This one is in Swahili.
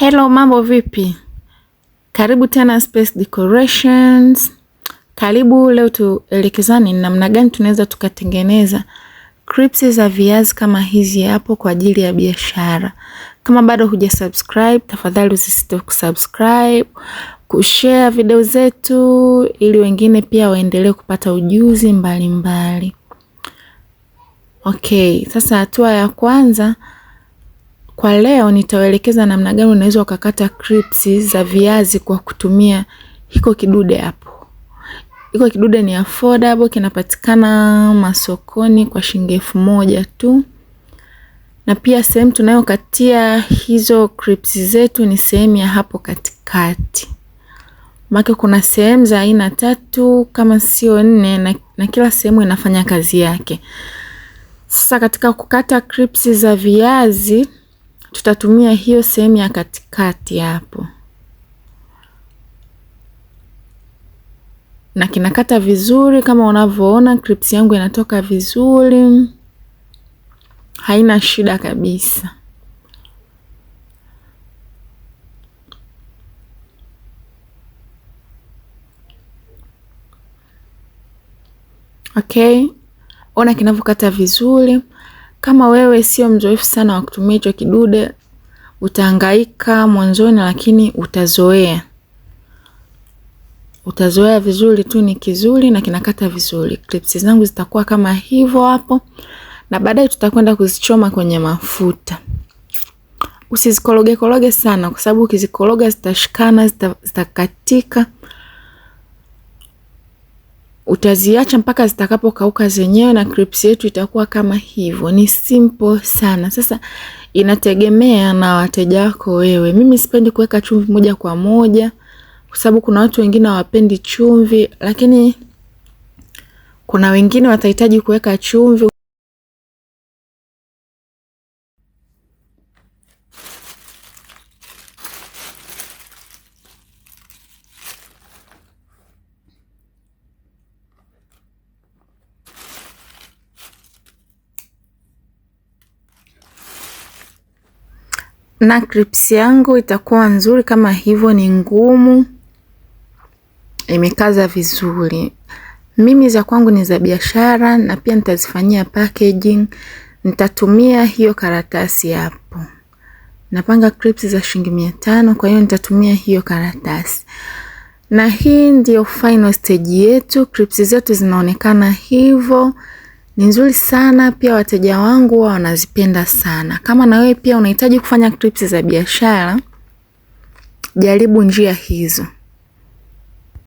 Hello, mambo vipi? Karibu tena Space Decorations. Karibu, leo tuelekezane ni namna gani tunaweza tukatengeneza clips za viazi kama hizi hapo kwa ajili ya biashara. Kama bado huja subscribe, tafadhali usisite kusubscribe, kushare video zetu ili wengine pia waendelee kupata ujuzi mbalimbali mbali. Okay, sasa hatua ya kwanza kwa leo nitawaelekeza namna gani unaweza ukakata clips za viazi kwa kutumia hiko kidude hapo. Hiko kidude ni affordable, kinapatikana masokoni kwa shilingi elfu moja tu, na pia sehemu tunayokatia hizo clips zetu ni sehemu ya hapo katikati. Maana kuna sehemu za aina tatu kama sio nne na, na kila sehemu inafanya kazi yake. Sasa katika kukata clips za viazi tutatumia hiyo sehemu ya katikati hapo, na kinakata vizuri kama unavyoona, clips yangu inatoka vizuri, haina shida kabisa. Okay, ona kinavyokata vizuri. Kama wewe sio mzoefu sana wa kutumia hicho kidude, utahangaika mwanzoni, lakini utazoea. Utazoea vizuri tu, ni kizuri na kinakata vizuri. Clips zangu zitakuwa kama hivyo hapo, na baadaye tutakwenda kuzichoma kwenye mafuta. koroge sana, kwa sababu ukizikoroga zitashikana, zitakatika utaziacha mpaka zitakapokauka zenyewe, na crisps yetu itakuwa kama hivyo. Ni simple sana. Sasa inategemea na wateja wako wewe. Mimi sipendi kuweka chumvi moja kwa moja, kwa sababu kuna watu wengine hawapendi chumvi, lakini kuna wengine watahitaji kuweka chumvi. na clips yangu itakuwa nzuri kama hivyo. Ni ngumu, imekaza vizuri. Mimi za kwangu ni za biashara, na pia nitazifanyia packaging. Nitatumia hiyo karatasi hapo, napanga clips za shilingi mia tano. Kwa hiyo nitatumia hiyo karatasi, na hii ndio final stage yetu. Clips zetu zinaonekana hivyo ni nzuri sana pia, wateja wangu huwa wanazipenda sana. Kama na wewe pia unahitaji kufanya clips za biashara, jaribu njia hizo.